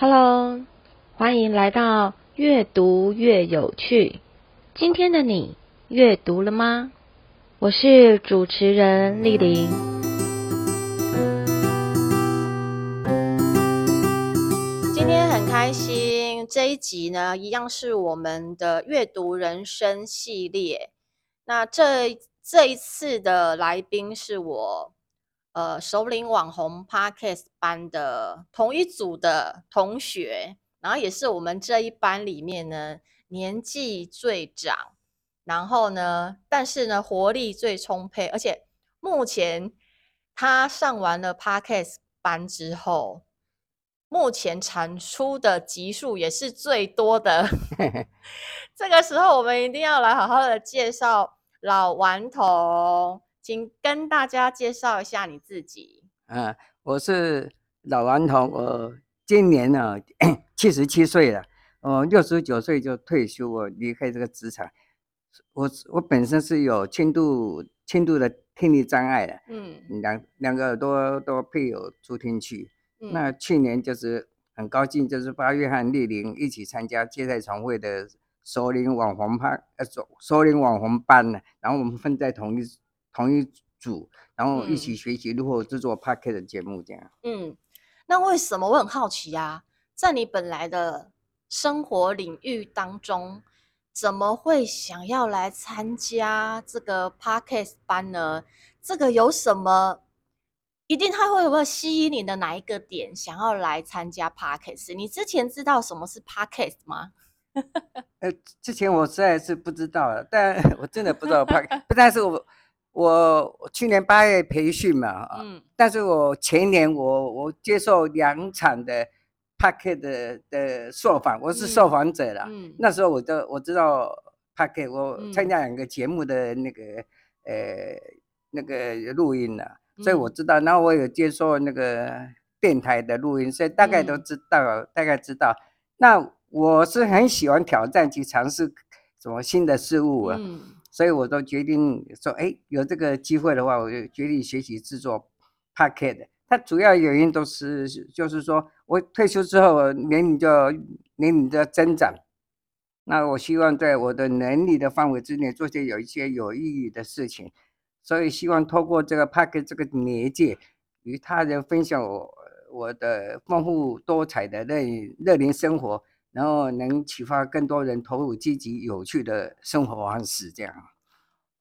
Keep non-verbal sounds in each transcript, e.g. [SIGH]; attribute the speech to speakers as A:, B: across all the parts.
A: Hello，歡迎來到越讀越有趣。今天的你閱讀了嗎？我是主持人麗玲。今天很開心，這一集呢，一樣是我們的閱讀人生系列。那這這一次的來賓是我。呃，熟齡網紅 Podcast 班的同一組的同學，然後也是我們這一班裡面呢，年紀最長，然後呢，但是呢活力最充沛，而且目前他上完了 Podcast 班之後，目前產出的集數也是最多的。 [LAUGHS] 這個時候我們一定要來好好的介紹老頑童。請跟大家介紹一下你自己。
B: 啊，我是老頑童，我今年呢七十七歲了，我六十九歲就退休了，我離開這個職場。我我本身是有輕度輕度的聽力障礙的，嗯，兩兩個耳朵都，都配有助聽器，嗯。那去年就是很高興，就是八月和麗玲一起參加接待總會的熟齡網紅派呃熟熟齡網紅班呢，呃，然後我們分在同一。同一組，然後一起學習，如何制作 podcast 節目這樣。
A: 嗯，那為什麼我很好奇啊？在你本來的生活領域當中，怎麼會想要來參加這個 podcast 班呢？這個有什麼一定它會有沒有吸引你的哪一個點，想要來參加 podcast？你之前知道什麼是 podcast 嗎？
B: 呃，之前我實在是不知道了，但我真的不知道 podcast， [LAUGHS] 但是我。我去年八月培訓嘛，啊、嗯，但是我前年我我接受兩場的 Podcast 的的受訪，我是受訪者啦嗯。嗯。那時候我都我知道 Podcast，我參加兩個節目的那個、嗯、呃那個錄音了，所以我知道、嗯。然後我有接受那個電台的錄音，所以大概都知道、嗯，大概知道。那我是很喜歡挑戰，去嘗試什麼新的事物啊。嗯所以，我都決定說，哎，有這個機會的話，我就決定學習製作，podcast。它主要原因都是，就是說我退休之後年，年齡就年齡的增長，那我希望在我的能力的範圍之內，做些有一些有意義的事情。所以，希望通過這個 podcast 這個媒介，與他人分享我我的豐富多彩的樂樂齡生活。然後能啟發更多人投入積極有趣的生活方式，這樣。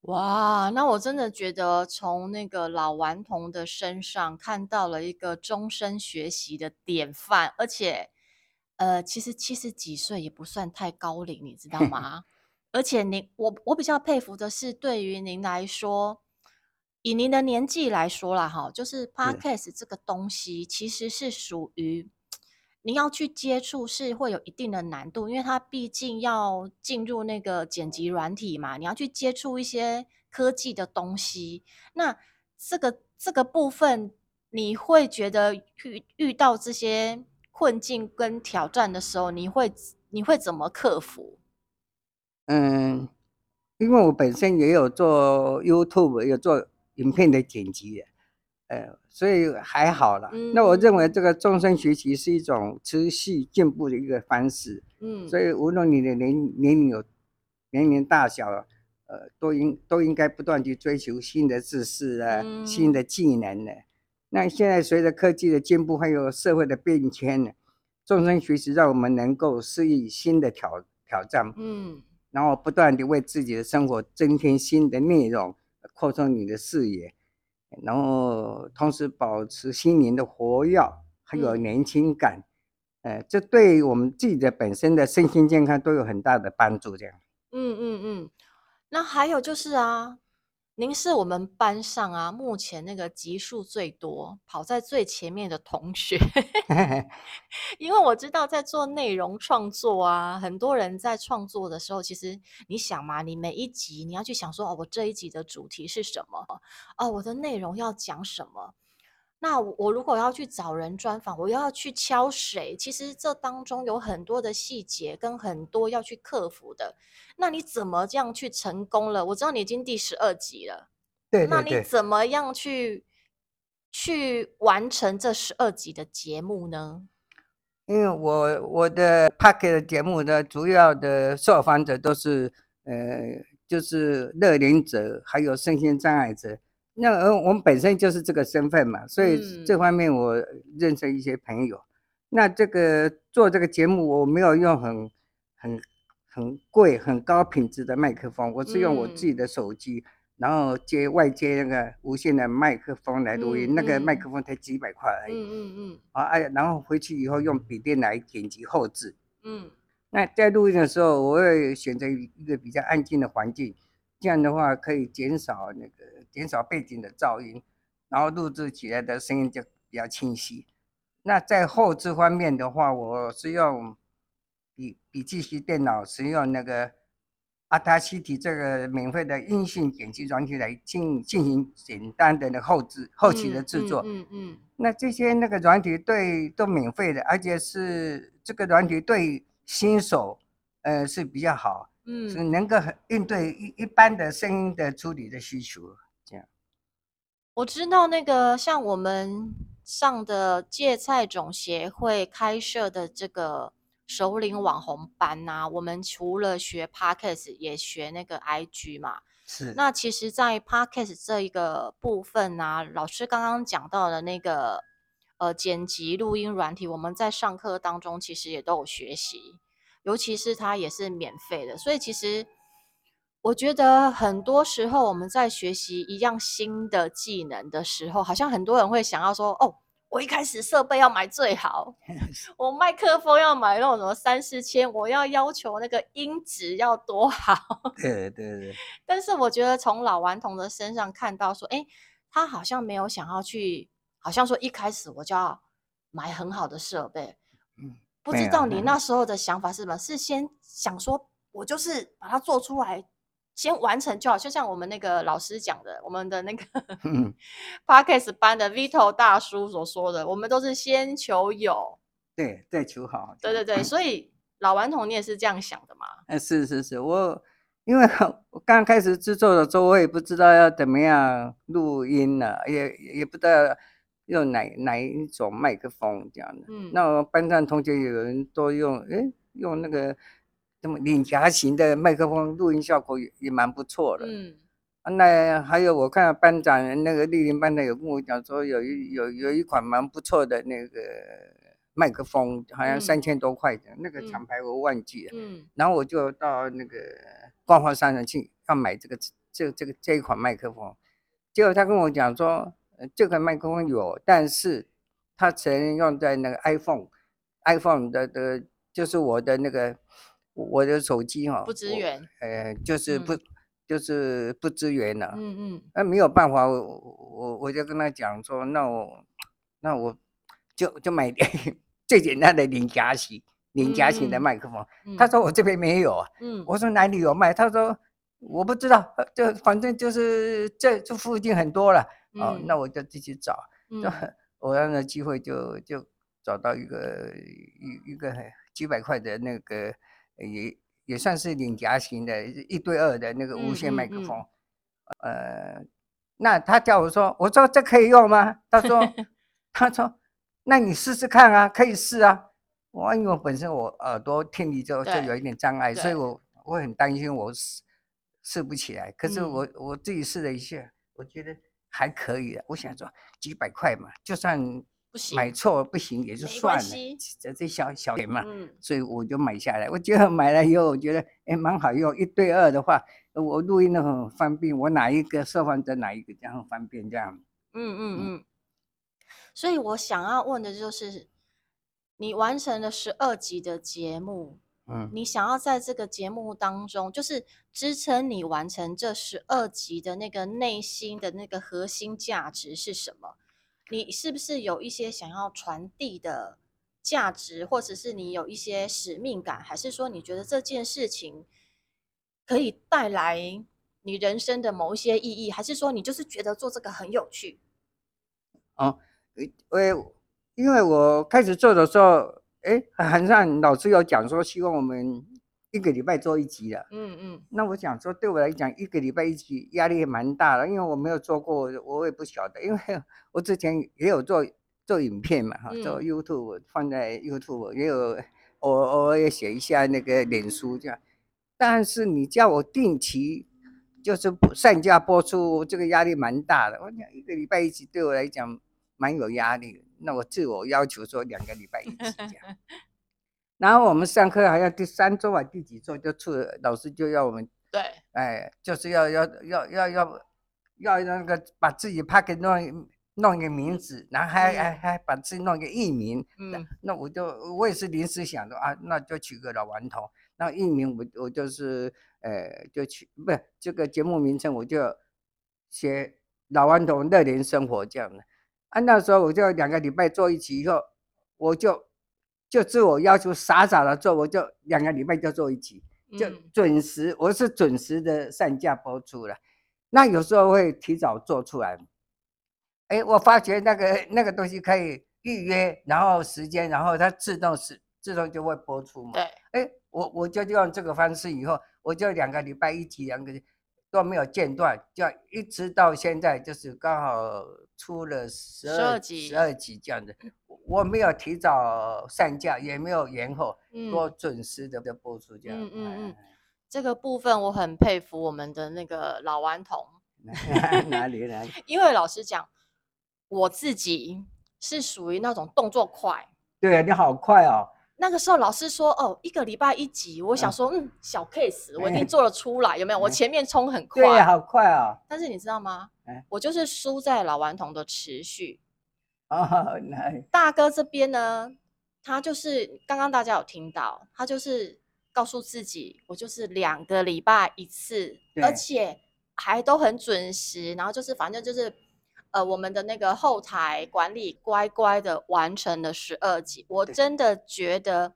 A: 哇，那我真的覺得從那個老頑童的身上看到了一個終身學習的典範，而且，呃，其實七十幾歲也不算太高齡，你知道嗎？ [LAUGHS] 而且您，我我比較佩服的是，對於您來說，以您的年紀來說了哈，就是 Podcast 這個東西其實是屬於。你要去接觸是會有一定的難度，因為它畢竟要進入那個剪輯軟體嘛，你要去接觸一些科技的東西。那這個這個部分，你會覺得遇遇到這些困境跟挑戰的時候，你會你會怎麼克服？
B: 嗯，因為我本身也有做 YouTube，有做影片的剪輯。呃，所以還好了、嗯。那我認為這個終身學習是一種持續進步的一個方式。嗯，所以無論你的年齡年齡有年齡大小，呃，都應都應該不斷去追求新的知識啊，嗯、新的技能呢、啊。那現在隨着科技的進步，還有社會的變遷，終身學習讓我們能夠適應新的挑挑戰。嗯，然後不斷地為自己的生活增添新的內容，擴充你的視野。然後同時保持心靈的活躍，還有年輕感，嗯、呃，這對我們自己的本身的身心健康都有很大的幫助。這樣，嗯
A: 嗯嗯，那還有就是啊。您是我們班上啊，目前那個集數最多、跑在最前面的同學。 [LAUGHS] 因為我知道，在做內容創作啊，很多人在創作的時候，其實你想嘛，你每一集你要去想說，哦，我這一集的主題是什麼？哦，我的內容要講什麼？那我如果要去找人專訪，我又要去敲誰？其實這當中有很多的細節跟很多要去克服的。那你怎麼樣去成功了？我知道你已經第十二集了，對、對、對，那你怎麼樣去去完成這十二集的節目呢？
B: 因為我我的 Podcast 節目的主要的受訪者都是呃，就是樂齡者，還有身心障礙者。那而我們本身就是這個身份嘛，所以這方面我認識一些朋友。嗯、那這個做這個節目，我沒有用很、很、很貴、很高品質的麥克風，我是用我自己的手機，嗯、然後接外接那個無線的麥克風來錄音、嗯嗯。那個麥克風才幾百塊而已。嗯嗯，嗯啊哎，然後回去以後用筆電來剪輯後置。嗯。那在錄音的時候，我會選擇一個比較安靜的環境，這樣的話可以減少那個。減少背景的噪音，然後錄制起來的聲音就比較清晰。那在後置方面的話，我是用筆筆記型電腦使用那個阿達西提這個免費的音訊剪輯軟體來進進行簡單的那後置、嗯、後期的制作。嗯嗯,嗯。那這些那個軟體對都免費的，而且是這個軟體對新手呃是比較好，嗯，是能夠應對一一般的聲音的處理的需求。
A: 我知道那個像我們上的芥菜總協會開設的這個熟齡網紅班啊，我們除了學 Podcast，也學那個 IG 嘛。是。那其實，在 Podcast 這一個部分呢、啊，老師剛剛講到的那個呃剪輯錄音軟體，我們在上課當中其實也都有學習，尤其是它也是免費的，所以其實。我覺得很多時候我們在學習一樣新的技能的時候，好像很多人會想要說：“哦，我一開始設備要買最好， [LAUGHS] 我麥克風要買那種什麼三四千，我要要求那個音質要多好。”
B: 對對對。
A: 但是我覺得從老頑童的身上看到說：“哎，他好像沒有想要去，好像說一開始我就要買很好的設備。嗯”嗯，不知道你那時候的想法是什麼？是先想說，我就是把它做出來。先完成就好，就像我們那個老師講的，我們的那個、嗯、 [LAUGHS] podcast 班的 Vito 大叔所說的，我們都是先求有，
B: 對，再求好，對
A: 對對。所以老頑童，你也是這樣想的嗎？
B: 哎、嗯，是是是，我因為我剛開始製作的時候，我也不知道要怎麼樣錄音呢、啊，也也不知道用哪哪一種麥克風這樣的。嗯，那我們班上同學有人都用，哎，用那個。那麼領夾型的麥克風錄音效果也也蠻不錯的。嗯、啊、那還有我看到班長那個麗玲班長有跟我講說有一有有一款蠻不錯的那個麥克風，好像三千多塊的、嗯、那個廠牌我忘記了嗯。嗯，然後我就到那個官方商城去要買這個這這這個這一款麥克風，結果他跟我講說，呃、這款、個、麥克風有，但是他曾用在那個 iPhone，iPhone iPhone 的的就是我的那個。我的手機哈，不支援，呃、就是不、嗯，就，嗯、就是不支援了。嗯嗯，那沒有辦法，我我我就跟他講說，那我，那我，就就買點最簡單的領夾型領、嗯、夾、嗯、型的麥克風、嗯。嗯、他說我這邊沒有啊、嗯。我說哪裡有賣、嗯？嗯、他說我不知道，就反正就是這這附近很多了。嗯，嗯，喔、那我就自己找。嗯，嗯，偶然的機會就就找到一個一一個幾百塊的那個。也也算是領夾型的，一對二的那個無線麥克風、嗯嗯嗯，呃，那他叫我說，我說，這可以用嗎？他說， [LAUGHS] 他說，那你試試看啊，可以試啊。我因為我本身我耳朵聽力就就有一點障礙，所以我我很擔心我試試不起來。可是我我自己試了一下、嗯，我覺得還可以、啊、我想說，幾百塊嘛，就算。買錯不行，也就算了。這這小小點嘛、嗯，所以我就買下來。我覺得買了以後，覺得、欸、蠻好用。一對二的話，我錄音都很方便。我哪一個受訪者哪一個，然後方便這樣。嗯嗯嗯。
A: 所以我想要問的就是，你完成了十二集的節目，
B: 嗯，你
A: 想要在這個節目當中，就是支撐你完成這十二集的那個內心的那個核心價值是什麼？你是不是有一些想要傳遞的價值，或者是你有一些使命感，還是說你覺得這件事情可以帶來你人生的某一些意義，還是說你就是覺得做這個很有趣？
B: 哦，欸，因為因為我開始做的時候，哎、欸，好像很老師有講說，希望我們。一個禮拜做一集了，嗯嗯，那我想說，對我來講，一個禮拜一集壓力蠻大的，因為我沒有做過，我也不曉得，因為我之前也有做做影片嘛，哈，做 YouTube 放在 YouTube 也有，偶偶爾也寫一下那個臉書這樣，但是你叫我定期就是上架播出，這個壓力蠻大的。我講一個禮拜一集對我來講蠻有壓力，那我自我要求說兩個禮拜一集這樣。 [LAUGHS] 然後我們上課還要第三周啊，第幾周就出老師就要我們對，哎，就是要要要要要要那個把自己拍給弄弄一個名字，然後還還還把自己弄一個藝名。嗯。那，那我就我也是臨時想的啊，那就取個老頑童。那藝名我我就是，呃就取不是這個節目名稱，我就寫老頑童樂齡生活這樣的。啊、啊、那時候我就兩個禮拜做一期，以後我就。就自我要求，傻傻的做，我就兩個禮拜就做一集，嗯、就準時。我是準時的上架播出了，那有時候會提早做出來。哎，我發覺那個那個東西可以預約，然後時間，然後它自動是自動就會播出嘛。對。哎，我我就用這個方式，以後我就兩個禮拜一集，兩個都沒有間斷，就一直到現在，就是剛好出了十二集，十二集這樣的。我沒有提早上架，也沒有延後，多準時的播出。這樣，嗯嗯嗯，這個部
A: 分我很佩服我們的那個老頑童。
B: [LAUGHS] 哪裡哪裡？
A: 因為老實講，我自己是屬於那種動作快。
B: 對、啊，你好快哦！
A: 那個時候老師說：“哦，一個禮拜一集。”我想說、啊：“嗯，小 case，我一定做得出來。哎”有沒有？我前面衝很快，哎、對、啊、好快啊、哦！但是你知道嗎、哎？我就是輸在老頑童的持續。哦，來，大哥這邊呢，他就是剛剛大家有聽到，他就是告訴自己，我就是兩個禮拜一次，而且還都很準時，然後就是反正就是，呃，我們的那個後台管理乖乖的完成了十二集。我真的覺得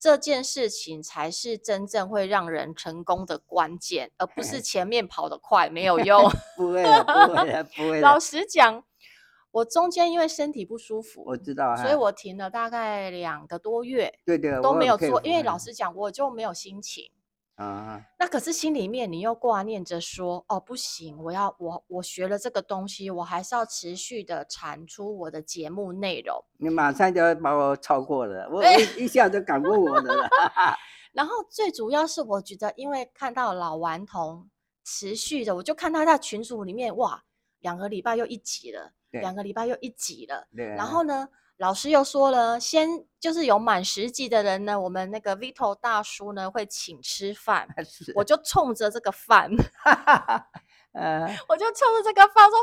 A: 這件事情才是真正會讓人成功的關鍵，而不是前面跑得快 [LAUGHS] 沒有用，
B: [LAUGHS] 不會了，不會了，不會了。 [LAUGHS] 老實
A: 講。我中間因為身體不舒服，我知道，所以我停了大概兩個多月，對對，都沒有做，因為老實講，我就沒有心情。啊，那可是心裡面你又掛念着說，哦，不行，我要我我學了這個東西，我還是要持續的產出我的節目內容。
B: 你馬上就要把我超過了，我一一下就趕過我的了。
A: [LAUGHS] [LAUGHS] [LAUGHS] 然後最主要是我覺得，因為看到老頑童持續的，我就看他在群組裡面，哇，兩個禮拜又一集了。兩個禮拜又一集了。啊，然後呢，老師又說了，先就是有滿十集的人呢，我們那個 Vito 大叔呢會請吃飯，我就衝着這個飯，呃、 [LAUGHS] 啊，我就衝着這個飯說，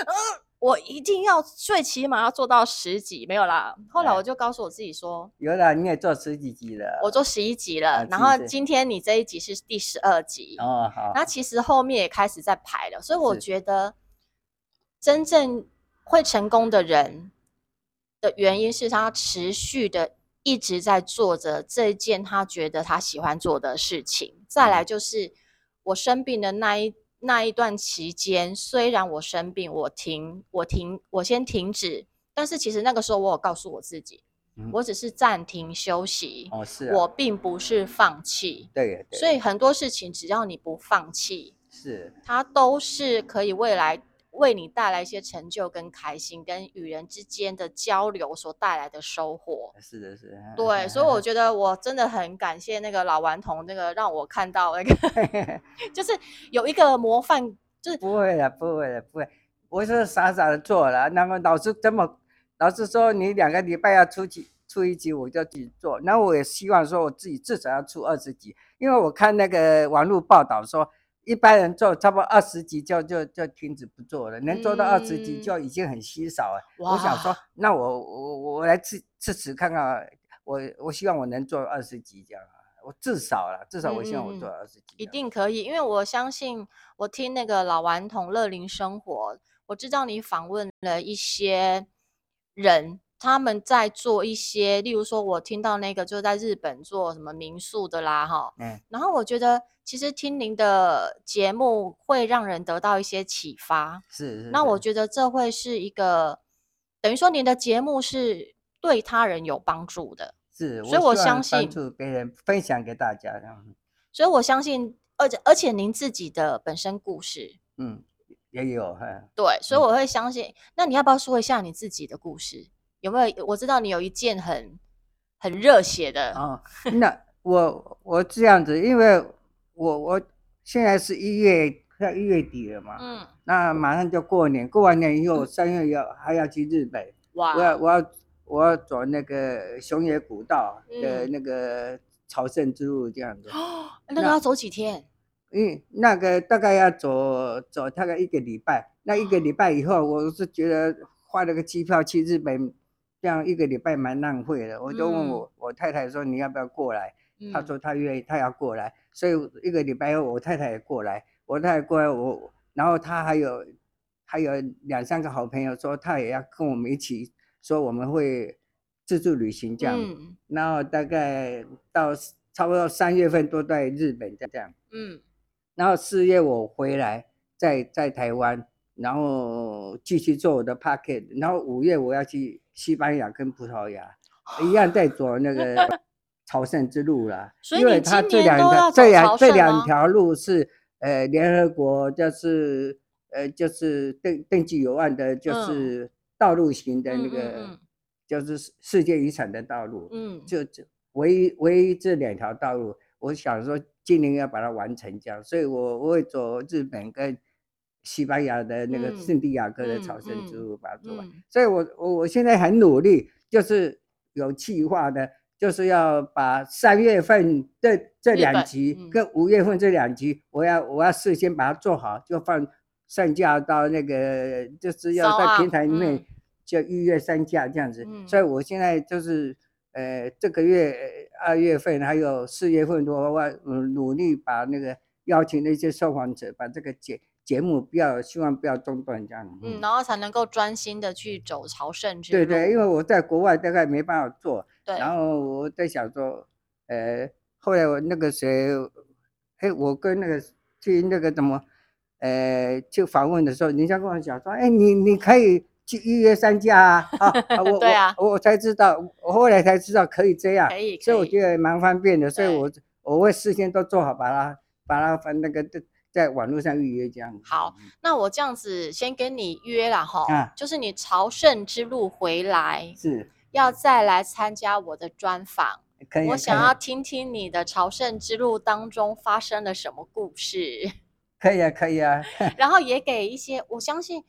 A: 嗯、呃，我一定要最起碼要做到十集，沒有啦。後來我就告訴我自己說，
B: 有啦，你也做十幾集了，
A: 我做十一集了，然後今天你這一集是第十二集啊。哦，好，那其實後面也開始在排了，所以我覺得真正，會成功的人的原因是他持續的一直在做着這件他覺得他喜歡做的事情。再來就是我生病的那一那一段期間，雖然我生病我，我停，我停，我先停止。但是其實那個時候我有告訴我自己，嗯，我只是暫停休息。哦，是啊。我並不是放棄。對，對。所以很多事情，只要你不放棄，
B: 是。
A: 它都是可以未來。為你帶來一些成就跟開心，跟與人之間的交流所帶來的收穫。
B: 是的，是的。對，
A: 啊，所以我覺得我真的很感謝那個老頑童，那個讓我看到那個，
B: [LAUGHS] 就是有一個模範，就是不會的，不會的，不會，我是傻傻的做了。那麼老師這麼，老師說你兩個禮拜要出幾出一集，我就自己做。那我也希望說我自己至少要出二十集，因為我看那個網絡報道說。一般人做差不多二十集就就就停止不做了，能做到二十集就已經很稀少了。嗯、我想說，那我我我來試試試看看，我我希望我能做二十集這樣啊，我至少啦，至少我希望我做二十
A: 集，嗯。一定可以，因為我相信。我聽那個老頑童樂齡生活，我知道你訪問了一些人。他們在做一些，例如說，我聽到那個就在日本做什麼民宿的啦，哈。嗯。然後我覺得，其實聽您的節目會讓人得到一些啟發是。是。那我覺得這會是一個，等於說您的節目是對他人有幫助的。
B: 是。所以我相信。幫助別人，分享給大家，這樣，
A: 所以我相信，而且而且，您自己的本身故事，
B: 嗯，也有、啊、
A: 對，所以我會相信、嗯。那你要不要說一下你自己的故事？有沒有，我知道你有一件很很熱血的、
B: 哦，那我我這樣子，因為我我現在是一月快一月底了嘛，嗯，那馬上就過年，過完年以後三、嗯、月要還要去日本，哇，我要我要我要走那個熊野古道的那個朝聖之路這樣子、嗯，那個要走幾天？嗯，那個大概要走走大概一個禮拜，那一個禮拜以後，我是覺得換了個機票去日本。這樣一個禮拜蠻浪費的，我就問我、嗯、我太太說，你要不要過來、嗯，她說她願意，她要過來，所以一個禮拜後我太太也過來，我太太過來我，然後她還有還有兩三個好朋友說她也要跟我們一起，說我們會自助旅行這樣，嗯，然後大概到差不多三月份都在日本在這樣，嗯，然後四月我回來在在台灣。然後繼續做我的 podcast，然後五月我要去西班牙跟葡萄牙， [LAUGHS] 一樣在走那個朝聖之路了。所以今年都要走朝聖嗎？因為他這兩條這兩這兩條路是呃聯合國就是呃就是登登記有案的，就是道路型的那個，嗯、就是世世界遺產的道路。嗯。就就唯一唯一這兩條道路，我想說今年要把它完成這樣，所以我，我會走日本跟，西班牙的那個聖地亞哥的朝聖之路，嗯嗯嗯，把它做完，所以我我我現在很努力，就是有計劃的，就是要把三月、月份這這兩集跟五月份這兩集，我要，嗯、我要事先把它做好，就放上架到那個就是要在平台裡面就預約上架這樣子。所以我現在就是呃這個月二月份還有四月份的話，努力把那個邀請那些受訪者把這個節。節目不要，希望不要中斷，這樣嗯。嗯，
A: 然後才能夠專心的去走朝聖去。對對，因為
B: 我在國外大概沒辦法做。對。然後我在想說，呃，後來我那個誰，嘿，我跟那個去那個怎麼，呃，去訪問的時候，人家跟我講說，哎、欸，你你可以去預約三家啊。啊 [LAUGHS] 對啊。我我才知道，我後來才知道可以這樣。可以。可以。所以我覺得蠻方便的，所以我我會事先都做好，把它把它那個。在網絡上預約這樣。好，
A: 那我這樣子先跟你約了哈、啊，就是你朝聖之路回來，是要再來參加我的專訪。可以。我想要聽聽你的朝聖之路當中發生了什麼故事。
B: 可以啊，可以啊。
A: 然後也給一些，我相信，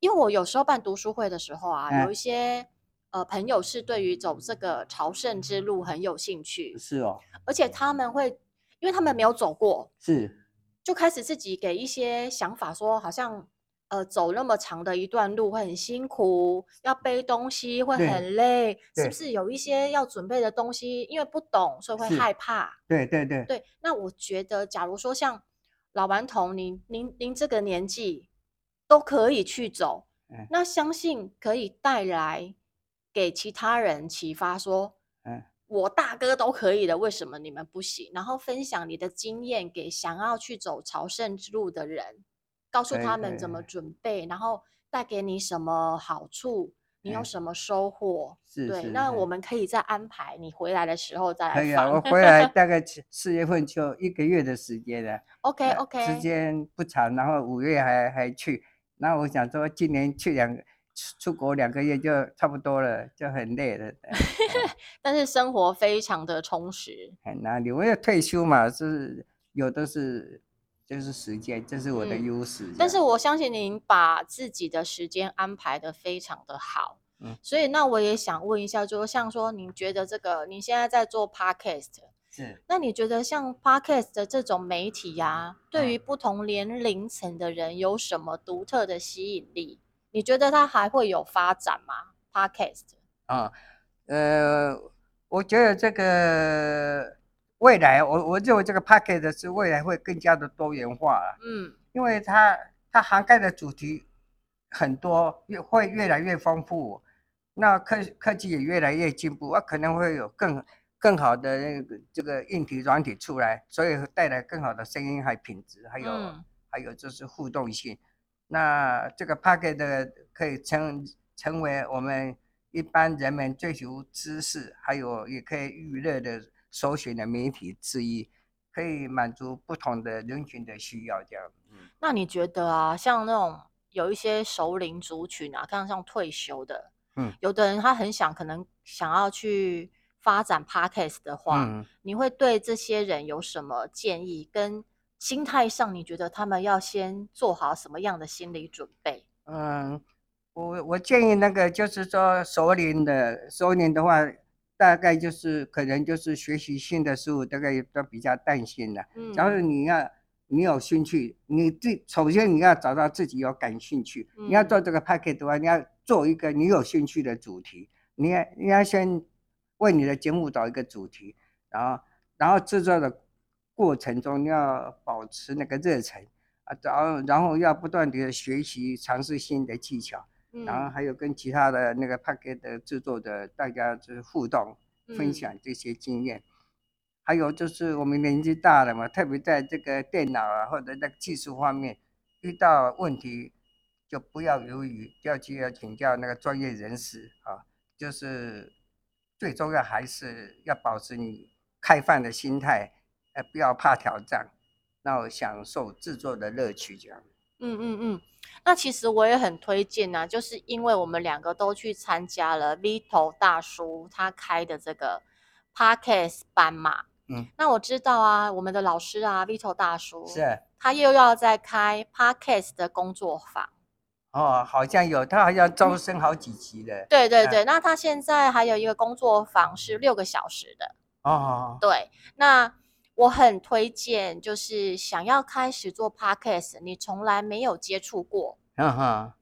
A: 因為我有時候辦讀書會的時候啊，啊有一些呃朋友是對於走這個朝聖之路很有興趣。是哦。而且他們會，因為他們沒有走過。是。就開始自己給一些想法說，說好像呃走那麼長的一段路會很辛苦，要背東西會很累，是不是有一些要準備的東西？因為不懂，所以會害怕。
B: 對對對。對，
A: 那我覺得，假如說像老頑童您您您這個年紀都可以去走，嗯、那相信可以帶來給其他人啟發說，說嗯。我大哥，都可以的，為什麼你們不行？然後分享你的經驗給想要去走朝聖之路的人，告訴他們怎麼準備，然後帶給你什麼好處，
B: 你有什
A: 麼收穫？是對是，那我們可以再安排你回來的時候再來。來。可以 [LAUGHS] 我回來
B: 大概四四月份就一個月的時間了。
A: [LAUGHS] OK OK，時
B: 間不長，然後五月還還去，那我想說今年去兩個。出國兩個月就差不多了，就很累了。
A: [LAUGHS] 但是生活非常的充實，
B: 很難你為了退休嘛，就是有的是，就是時間，這是我的優勢、嗯。但是
A: 我相信您把自己的時間安排的非常的好、嗯。所以那我也想問一下，就像說，您覺得這個，你現在在做 podcast，是？那你覺得像 podcast 的這種媒體啊，嗯、對於不同年齡層的人有什麼獨特的吸引力？你覺得它還會有發展嗎？Podcast、嗯、
B: 啊，呃，我覺得這個未來，我我認為這個 Podcast 是未來會更加的多元化、啊。嗯，因為它它涵蓋的主題很多，越會越來越豐富。那科科技也越來越進步，啊，可能會有更更好的那個這個硬體軟體出來，所以帶來更好的聲音還品質，還有、嗯、還有就是互動性。那這個 podcast 可以成成為我們一般人們追求知識，還有也可以娛樂的首選的媒體之一，可以滿足不同的人群的需要。這樣，
A: 那你覺得啊，像那種有一些熟齡族群啊，像像退休的，嗯，有的人他很想可能想要去發展 podcast 的話，嗯，你會對這些人有什麼建議？跟心態上，你覺得他們要先做好什麼樣的心理準備？
B: 嗯，我我建議那個就是說熟齡，熟齡的熟齡的話，大概就是可能就是學習新的時候，大概都比較擔心了。嗯。然後你要，你有興趣，你最首先你要找到自己有感興趣，嗯。你要做這個 podcast 的話，你要做一個你有興趣的主題。你要你要先為你的節目找一個主題，然後然後製作的。過程中，你要保持那個熱忱啊，然然後要不斷地學習，嘗試新的技巧、嗯，然後還有跟其他的那個 podcast 的制作的大家就是互動分享這些經驗、嗯。還有就是我們年紀大了嘛，特別在這個電腦啊或者那個技術方面遇到問題，就不要猶豫，要去要請教那個專業人士啊。就是最重要還是要保持你開放的心態。不要怕挑戰，然後享受製作的樂趣這樣。嗯
A: 嗯嗯，那其實我也很推薦呢、啊，就是因為我們兩個都去參加了 Vito 大叔他開的這個 Podcast 班嘛。嗯。那我知道啊，我們的老師啊，Vito 大叔是、啊，他又要再開 Podcast 的工作坊。
B: 哦，好像有，他還要招生好幾級的、嗯、對對對、啊，那
A: 他現在還有一個工作坊是六個小時的。哦。
B: 哦好好
A: 對，那。我很推薦，就是想要開始做 podcast，你從來沒有接觸過
B: ，uh -huh.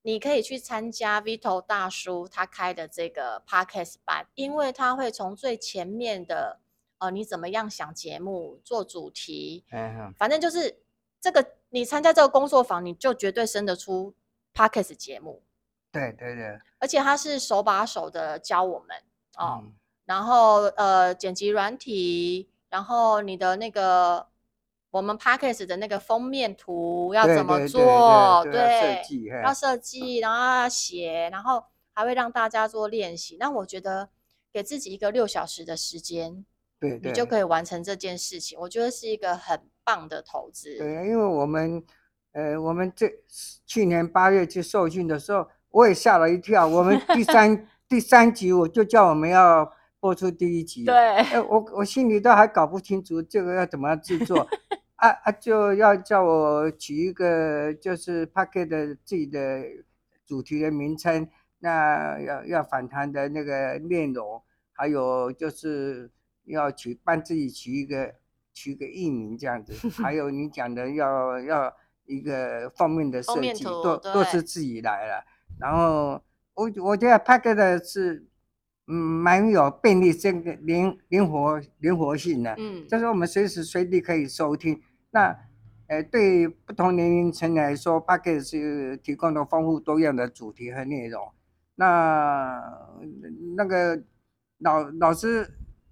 A: 你可以去參加 Vito 大叔他開的這個 podcast 班，因為他會從最前面的、呃，你怎麼樣想節目、做主題，uh -huh. 反正就是這個，你參加這個工作坊，你就絕對生得出 podcast 節目，
B: 對對對，
A: 而且他是手把手的教我們、哦
B: uh -huh.
A: 然後呃，剪輯軟體。然後你的那個，我們 podcast 的那個封面圖要怎麼做？對，對，對，對，對，對，對，要設計，然後，要、嗯、然後要寫，然後還會讓大家做練習。那我覺得給自己一個六小時的時間，
B: 對，對，對，你就可以
A: 完成這件事情。我覺得是一個很棒的投
B: 資。對，因為我們，呃，我們這去年八月去受訓的時候，我也嚇了一跳。我們第三 [LAUGHS] 第三集我就叫我們要。播出第一集，對、欸，我我心裡都還搞不清楚這個要怎麼樣制作， [LAUGHS] 啊啊，就要叫我取一個就是 podcast 的自己的主題的名稱，那要要訪談的那個內容，還有就是要取幫自己取一個取一個藝名這樣子， [LAUGHS] 還有你講的要要一個封面的設計，都都是自己來了。然後我我覺得 podcast 的是。嗯，蠻有便利性，靈靈活靈活性的。嗯，就是我們隨時隨地可以收聽。那，呃、欸，對不同年齡層來說 Podcast、嗯、是提供了豐富多樣的主題和內容。那那個老老師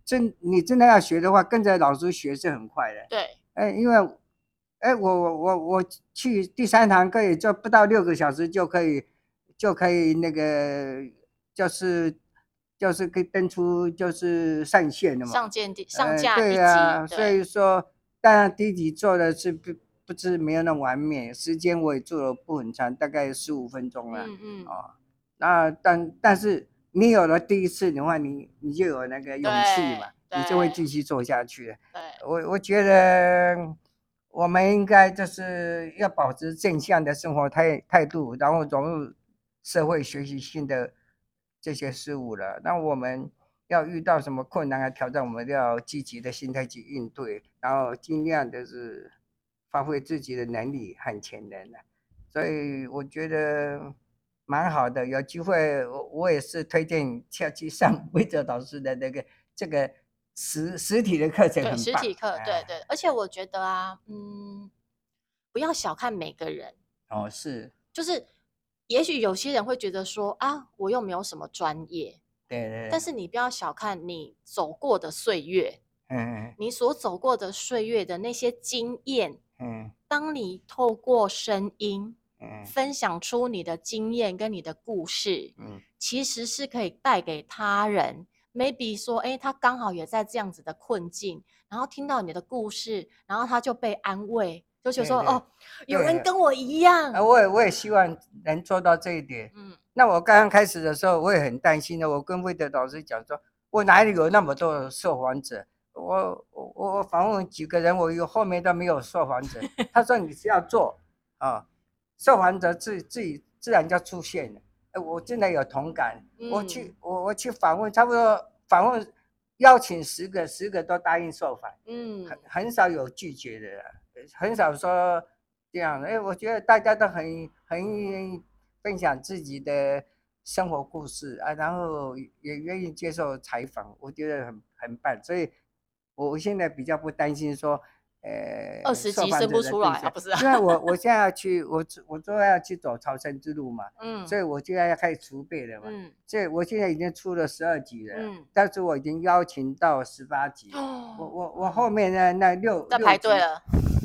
B: 真你真的要學的話，跟着老師學是很快的。對。哎、欸，因為，哎、欸，我我我我去第三堂課也就不到六個小時就可以，就可以那個就是。就是可以登出，就是上線的嘛。上
A: 線上架，對啊，所以
B: 說，當然第一集做的是不，不是沒有那麼完美。時間我也做了不很長，大概十五分鐘了。嗯嗯。哦，那但但是你有了第一次的話你，你你就有那個勇氣嘛，你就會繼續做下去了。對。我我覺得，我們應該就是要保持正向的生活態態度，然後融入社會，學習新的這些事物，了，那我們要遇到什麼困難和挑戰，我們都要積極的心態去應對，然後盡量就是發揮自己的能力和潛能了、啊。所以我覺得蠻好的，有機會我我也是推薦下去上威哲導師的那個這個實實體的課程，實體課、啊、
A: 對對，而且我覺得啊，嗯，不要小看每個人哦，是就是。也許有些人會覺得說啊，我又沒有什麼專業，對，
B: 對對。但是你
A: 不要小看你走過的歲月，
B: 嗯，你
A: 所走過的歲月的那些經驗，嗯，當你透過聲音，嗯，分享出你的經驗跟你的故事，嗯，其實是可以帶給他人，嗯，maybe 說，誒，欸，他剛好也在這樣子的困境，然後聽到你的故事，然後他就被安慰。
B: 就說，對對哦對對對，有人跟我一樣。我也我也希望能做到這一點。嗯，那我剛剛開始的時候，我也很擔心的。我跟魏德老師講說，我哪裡有那麼多受訪者？我我我訪問幾個人，我有後面都沒有受訪者。他說，你是要做 [LAUGHS] 啊，受訪者自自己自然就出現了。哎，我真的有同感。嗯，我去我我去訪問，差不多訪問邀請十個，十個都答應受訪。嗯，很很少有拒絕的。很少說這樣的，因為我覺得大家都很很願意分享自己的生活故事啊，然後也願意接受採訪，我覺得很很棒，所以我現在比較不擔心說，呃，二十集生不出來，啊，不是啊，因為我我現在要去我我都要去走朝聖之路嘛， [LAUGHS] 嗯，所以我現在要開始籌備了嘛，嗯，所以我現在已經出了十二集了，嗯，但是我已經邀請到十八集，哦，嗯，我我我後面呢那那六那排隊了。 [LAUGHS]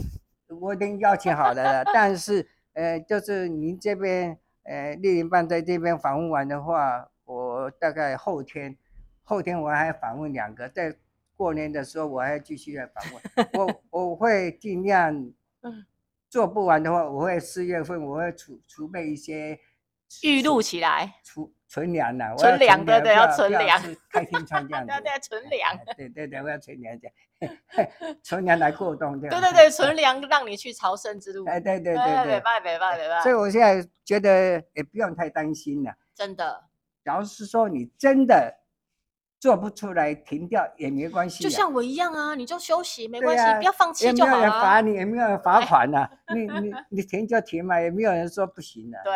B: 我已經邀請好了的，但是，呃，就是您這邊，呃，六點半在這邊訪問完的話，我大概後天，後天我還訪問兩個，在過年的時候我還要繼續來訪問，我我會盡量，做不完的話，我會四月份我會儲儲備一些。預錄起來，儲存糧、啊、要存糧的，對要存糧，開天窗這樣的，對對存糧，對對對我要存糧這樣 [LAUGHS] 對對對，存糧 [LAUGHS] 來過冬這樣。對對對，
A: 存糧讓你去朝聖之路。哎對對對對，對對、對、對、對、對，所以我
B: 現在覺得也不用太擔心了。真的。假如是說你真的。做不出來停掉也沒關係，啊，就像
A: 我一樣啊，你就休息，沒關係，啊、不要放棄就好了，啊。也沒有人罰你，也
B: 沒有人罰款啊。你你你停就停嘛， [LAUGHS] 也沒有人說不行的，啊。對，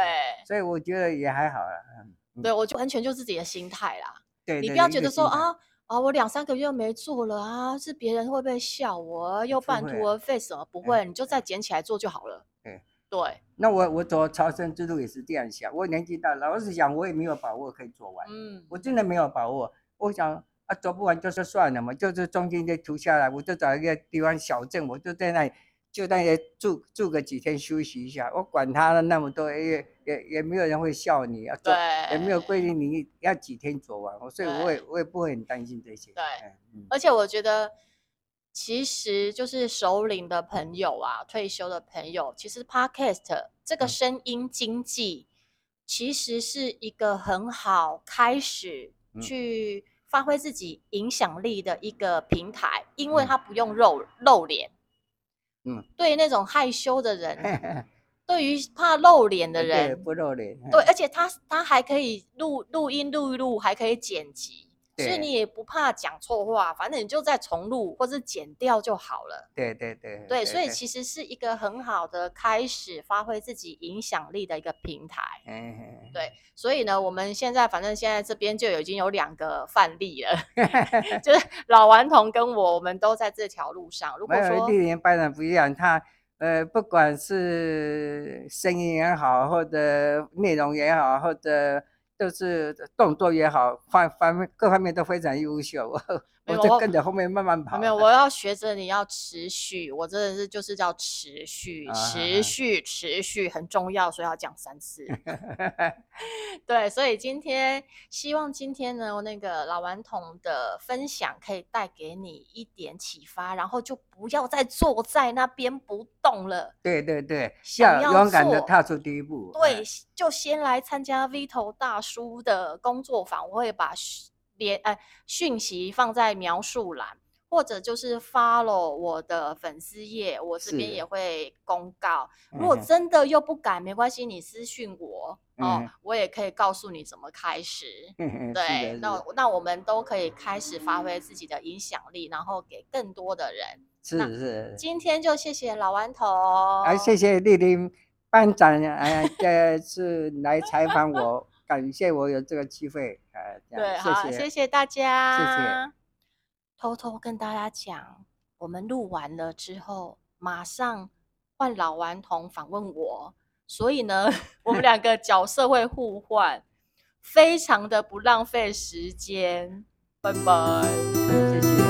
B: 所以我覺得也還好了。對，
A: 我就完全就自己的心態啦。對，對，對，你不要覺得說啊啊，我兩三個月沒做了啊，是別人會不會笑我又半途而廢什麼？不會，啊不會，啊不會欸，你就再撿起來做就好了。
B: 欸、對。那我我走朝聖之路也是這樣想，我年紀大了，我是想我也沒有把握可以做完，嗯，我真的沒有把握。我想啊，走不完就是算了嘛，就是中間就停下來，我就找一個地方小鎮，我就在那裡，就那些住住個幾天休息一下，我管他了那麼多，欸、也也也沒有人會笑你，啊，對，也沒有規定你要幾天走完，所以我也我也不會很擔心這些。對，
A: 嗯、而且我覺得，其實就是熟齡的朋友啊、嗯，退休的朋友，其實 Podcast 這個聲音經濟、嗯，其實是一個很好開始。去發揮自己影響力的一個平台，因為他不用露露臉，嗯，對那種害羞的人，對於怕露臉的人，
B: 不露臉，對，而
A: 且他他還可以錄錄音錄一錄，還可以剪輯。所以你也不怕講錯話，反正你就再重錄或者剪掉就好了。
B: 對對對，對，對，對，對，所以其實
A: 是一個很好的開始，發揮自己影響力的一個平台。對，對，對，對，對，對，所以呢，我們現在反正現在這邊就已經有兩個範例了， [LAUGHS] 就是老頑童跟我，我們都在這條路上。 [LAUGHS] 如果說沒
B: 有，麗玲班長不一樣，他呃，不管是聲音也好，或者內容也好，或者。就是動作也好，方方面各方面都非常優秀。我就跟着後面慢慢跑沒。沒有，我
A: 要學着你要持續，我真的是就是叫持續、啊、持續、持續很重要，所以要講三次。 [LAUGHS] 對，所以今天希望今天呢，那個老頑童的分享可以帶給你一點啟發，然後就不要再坐在那邊不動了。
B: 對對對，想勇敢的踏出第一步。對，
A: 嗯、就先來參加 Vito 大叔的工作坊，我會把。連呃，訊息放在描述欄，或者就是 follow 我的粉絲頁，我這邊也會公告。如果真的又不敢，嗯、沒關係，你私訊我、嗯、哦、嗯，我也可以告訴你怎麼開始。嗯、
B: 對，是是
A: 那那我們都可以開始發揮自己的影響力，然後給更多的人。是
B: 是，是是今
A: 天就謝謝老頑
B: 童，來、啊、謝謝麗玲班長，哎、啊、這次來採訪我， [LAUGHS] 感謝我有這個機會。對謝謝，好，謝謝
A: 大家。謝謝，偷偷跟大家講，我們錄完了之後，馬上換老頑童訪問我，所以呢，我們兩個角色會互換， [LAUGHS] 非常的不浪費時間。拜拜，謝謝。